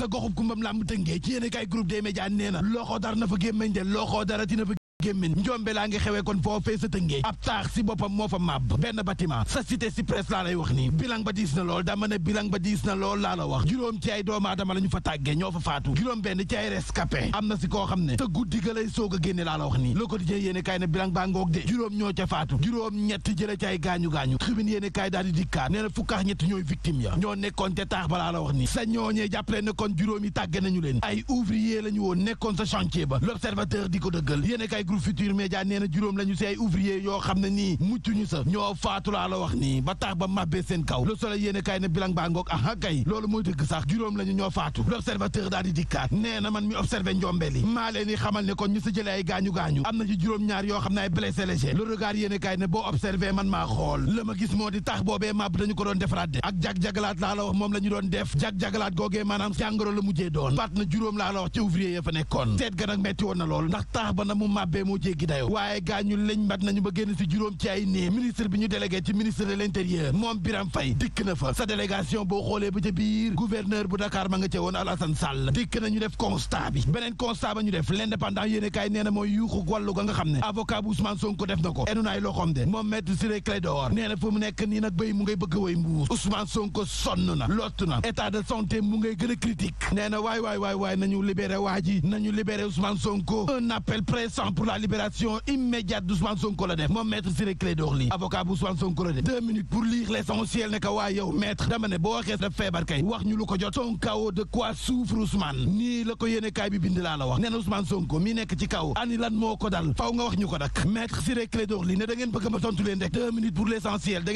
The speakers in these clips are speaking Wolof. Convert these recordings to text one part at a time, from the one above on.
sa goxub kumbam lamb tëngee ci yéen a kaay groupe des médias nee na loxo dara na fa gémmañ de loxo dara dina fa gémmiñ njombe laa ngi xewee kon ba diis na lool dama ne bilan ba diis na lool laa la wax juróom ci ay doomu aadama la ñu fa ñoo a génne laa la wax nii Le Quotidien yéene ne bilan baa ngoog de juróom ñoo ca faatu juróom ñett jële ci ay gaañu-gaañu tribune yéene kaay daal di dikkaat nee na fukkaax ñett ñooy victime ya ñoo nekkoon ca taax ba laa la wax nii sa ñooñee jàppale ne juróom yi tàgge nañu leen ay ouvrier la woon nekkoon sa chantier ba l'observateur di ko dëggal yéene kaay groupe Futur Média nee na juróom lañu ci ay ouvrier yoo xam ne nii muccuñu sa ñoo faatulaa la wax nii ba tax ba màbbee seen kaw Le Soleil yéen kaay ne bilang baa ngoog aha loolu mooy dëgg sax juróom lañu ñoo faatu l'observateur daal di dikkaat nee na man mi observé njombeel maa leen di xamal ne kon ñu sa jële ay gaañu-gaañu am na ci juróom-ñaar yoo xam ne ay blessé léger Le Regard yéen kaay ne boo observé man maa xool la ma gis de ak jag-jagalaat laa la wax moom la loolee moo jéggi dayo waaye gaañu lañ mat nañu ba génn si juróom ci ay néew ministre bi ñu délégué ci ministre de l'intérieur moom Birame Faye dikk na fa sa délégation boo xoolee ba ca biir bu Dakar ma nga ca woon Alassane Sall dikk na def constat bi beneen constat ba ñu def l'indépendant yéene kaay nee mooy yuuxu wàllu ga nga xam ne avocat bu Ousmane Sonko def na ko enu naay loxoom de moom maître Ciré Clédor nee na fa mu nekk nii nag béy mu combat libération immédiate d'Ousmane Sonko la def moom maître Ciré Clédor Ly avocat bu Ousmane Sonko la def deux minutes pour lire l'essentiel ne ko yow maître dama ne boo waxee daf feebar kay wax ñu lu ko jot son kaw de quoi souffre Ousmane nii la ko yéene kaay bi bind laa la wax nee na Ousmane Sonko mi nekk ci kaw ani moo ko dal faw nga wax ñu ko dak maître Ciré Clédor Ly ne da ngeen ma tontu leen rek deux minutes pour l'essentiel da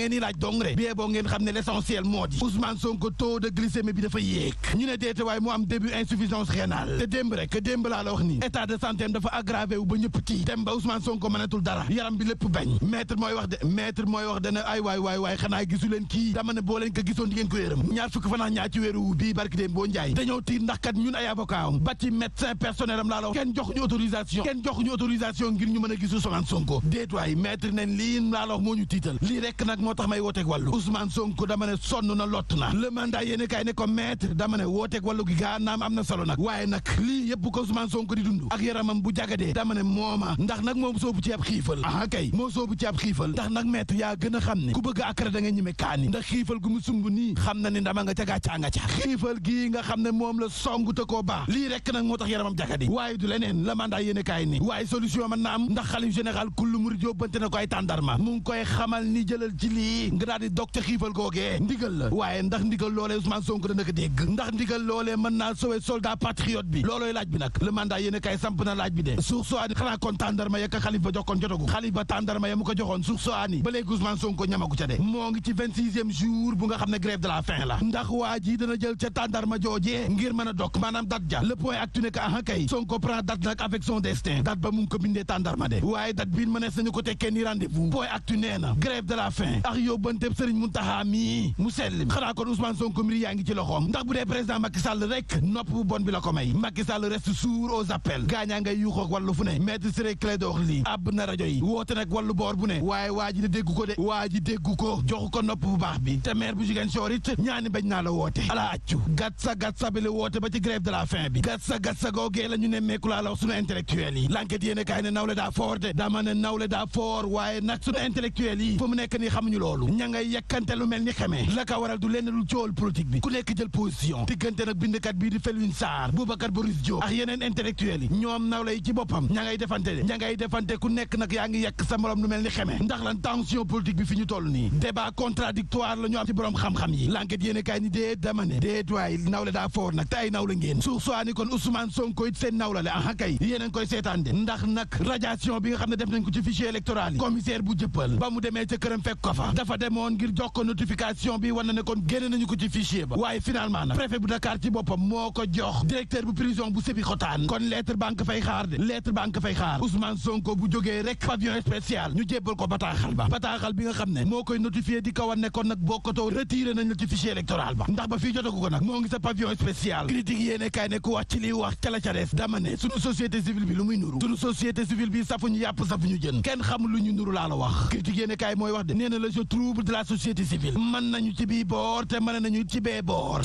métti dem ba Ousmane Sonko mënatul dara yaram bi lépp bañ maître mooy wax de maître mooy wax de ne ay waay waay waay xanaa gisu leen kii dama ne boo leen ko gisoon di ko yërëm ñaar fukki fanaa ñaar ci wéeru bii barki déem boo njaay dañoo tiir ndax kat ñun ay avocat am ba ci médecin personnel am laa kenn jox ñu autorisation kenn jox ñu autorisation ngir ñu mën a gis Ousmane Sonko déet waay maître nen lii laa la wax moo ñu tiital lii rek nag moo tax may wooteeg wàllu Ousmane Sonko dama ne na lott na le mandat yéene kaay ne ko maître dama ne wooteeg am na solo nag waaye nag lii yëpp ko Ousmane Sonko di dund ak yaramam bu jagadee dama ne mooma ndax nag moom soobu ci ab xiifal ah kay moo soobu ci ab xiifal ndax nag maître yaa gën a xam ni ku bëgg akara da nga ñime kaani ndax xiifal gu mu sumb nii xam na ni ndama nga ca gàccaa nga ca xiifal gii nga xam ne moom la songu te koo baax lii rek nag moo tax yaramam jakadi waaye du leneen la mandat yéene kaay ni waaye solution mën na am ndax xalif général kullu murid yóbbante na ko ay tàndarma mu ngi koy xamal ni jëlal ci lii nga daal di dog ca xiifal googee ndigal la waaye ndax ndigal loolee Ousmane Sonko dana ko dégg ndax ndigal loolee mën naa sowe soldat patriote bi loolooy laaj bi nag le mandat yéene kaay samp na laaj bi de kon tàndarma ya ka xalif ba jox koon jotagu xalif ba tàndarma ya mu ko joxoon suuf so aani ba léegi Ousmane Sonko ñamagu ca de moo ngi ci vingt-sixième jour bu nga xam ne grève de la faim la ndax waa ji dana jël ca tàndarma joojee ngir mën a dok maanaam dat ja le point actu ne ka aha kay Sonko prend date nag avec son destin date ba mu ngi ko bindee tàndarma de waaye date bi mënees nañu ko tekkee ni rendez-vous point actu na grève de la faim ak yóbbanteb Serigne Mountakha bu dee président Siré Clédor lii àbb na rajo yi woote nag wàllu boor bu ne waaye waa ji ne déggu ko de waa ji déggu ko joxu ko nopp bu baax bi te maire bu Ziguinchor it ñaani bañ naa la woote ala accu gatsa gatsa bi la woote ba ci grève de la faim bi gatsa gatsa googee la ñu laa la sunu intellectuel yi l'enquête yéen kaay ne nawle daa foor de dama ne nawle daa foor waaye nag sunu intellectuel yi fu mu nekk ni xamuñu loolu ña ngay yekkante lu mel ni xemee la ka waral du lenn lu coowal politique bi ku nekk jël position diggante nag bindkat bii di Felwine Sarr Boubacar Boris Diop ak yeneen intellectuel yi ñoom nawle ci boppam defante de ña ngay defante ku nekk nag yaa ngi yekk sa morom lu mel ni xeme ndax lan tension politique bi fi ñu toll nii débat contradictoire la am ci borom xam-xam yi l'enquête yéen kaay ni déet dama ne déet waay naw daa foor nag te ay naw la ngeen suuf kon Ousmane Sonko it seen naw la kay yéen koy seetaan de ndax nag radiation bi nga xam ne def nañ ko ci fichier électoral yi commissaire bu jëppal ba mu demee ca këram fekk ko fa dafa naar Ousmane Sonko bu jógee rek pavillon spécial ñu jébbal ko bataaxal ba bataaxal bi nga xam ne moo koy notifié di kaw a nag bokkatoo retiré nañ ci fichier électoral ba ndax ba fii jotagu ko nag moo ngi sa pavillon spécial critique yéene kaay ne ku wax ci liy wax ca la dama ne suñu société civile bi lu muy nuru société civile bi safuñu yàpp safuñu jën kenn xamul lu ñu nuru laa wax critique yéene kaay mooy wax de nee la société civile mën nañu ci bii boor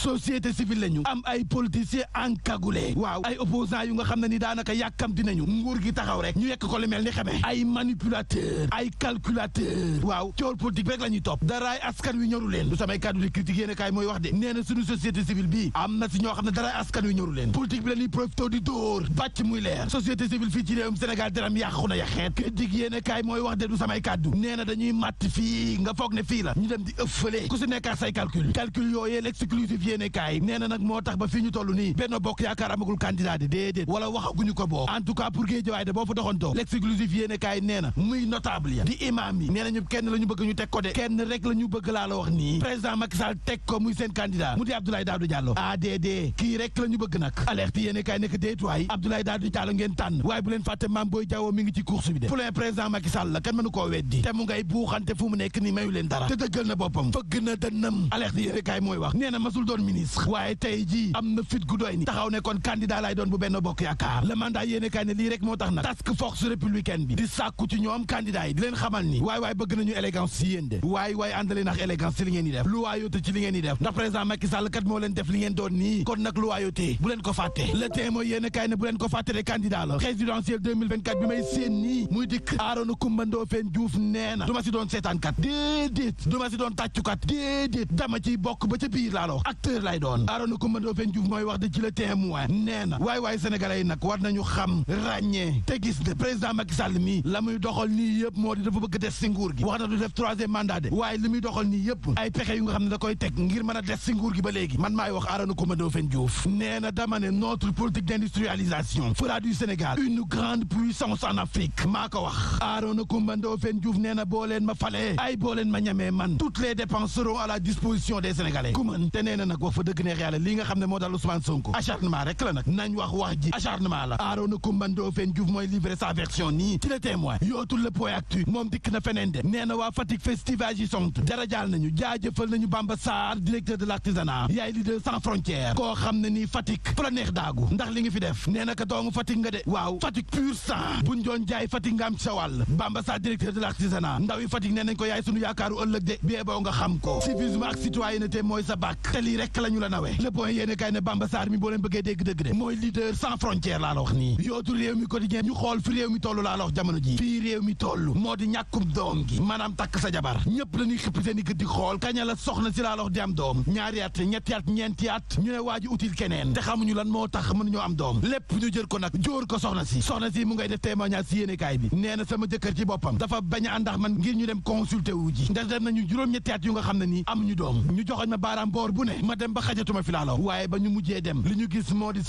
taxaw rek ñu yekk ko lu mel ni xamee ay manipulateur ay calculateur waaw coowal politique rek la topp daraay askan wi ñoru leen du samay kàddu di critique yéen mooy wax de nee na suñu société bi am na si ñoo xam ne daraay askan wi ñoru leen politique bi la ñuy di dóor bàcc muy leer société civile fii ci réewum Sénégal daram yàqu na yaxeet critique yéen mooy wax de du samay kàddu nee dañuy màtt fii nga foog ne fii la ñu dem di ëffale moo fa doxantoo l'exclusif yéene muy notable ya di imam yi nee ñu kenn la bëgg ñu teg ko de kenn rek la bëgg laa la wax nii président Macky teg ko muy seen candidat mu di Abdoulaye Daouda Diallo ADD kii rek la bëgg nag alerte yéene kaay nekk déetuwaay Abdoulaye Daouda Diallo ngeen tànn waaye bu leen fàtte Mame Boye Diao mi ngi ci course bi de plein président Macky la kenn mënu koo weddi te mu ngay buuxante fu mu nekk ni task force républicaine bi di sàkku ci ñoom candidat yi di leen xamal ni waay waay bëgg nañu élégance si yéen waay waay àndaleen ak élégance si li ngeen di def lu waayoote ci li ngeen di def ndax président Macky Sall kat moo leen def li ngeen doon nii kon nag lu waayoote bu leen ko fàtte le mooy yéen a kaay ne bu leen ko fàtte de candidat la présidentielle 2024 bi may séen nii muy dikk Arouna Coumba Ndoffène Diouf nee du ma si doon seetaankat déedéet du ma si bokk ba ca biir laa la wax acteur lay doon Arouna Coumba mooy wax de ci le temps mooy waay waay sénégalais yi nag war nañu xam ràññee te gis ne la muy doxal nii yëpp moo di dafa bëgg des si gi wax na du def troisième mandat de waaye li muy doxal nii yëpp ay pexe yu nga xam ne da koy teg ngir mën a des si nguur gi ba léegi man maay wax Arona Coumba Ndoffène Diouf nee na dama ne notre politique d'industrialisation fera du Sénégal une grande puissance en Afrique maa ko wax Arona Coumba Ndoffène Diouf nee na boo leen ma falee ay boo ma ñamee man toutes les dépenses seront à la disposition des Sénégalais ku mën xam ne moo dal Ousmane Sonko acharnement mooy livrer sa version nii ci la témoin yootul le point actu moom dikk na feneen de nee na waa Fatick festivage yi sont darajaal nañu jaajëfal nañu Bamba Sarr de l' artisanat yaay leader sans frontière koo xam ne nii Fatick fu la neex daagu ndax li ngi fi def nee ka doomu Fatick nga de waaw Fatick pur sang buñ doon jaay Fatick nga am ci sa wàll de l' artisanat ndaw yi Fatick ko yaay sunu yaakaaru ëllëg de bee boo nga xam ñu xool fi réew mi toll laa la wax jamono ji fii réew mi toll moo di ñàkkum doom gi maanaam takk sa jabar ñëpp la ñuy xippi seen i gët di xool kaña la soxna si laa la wax di am doom ñaari at ñetti at ñeenti at ñu ne waa util keneen te xamuñu lan moo tax ñoo am doom lépp ñu jël ko nag jóor ko soxna si soxna si mu ngay def témoignage si yéenekaay bi nee na sama jëkkër ci boppam dafa bañ a àndax man ngir ñu dem consulter wu ji ndax dem nañu juróom-ñetti at yu nga xam ne nii doom ñu joxoñ ma baaraam boor bu ne ba xajatuma fi laa la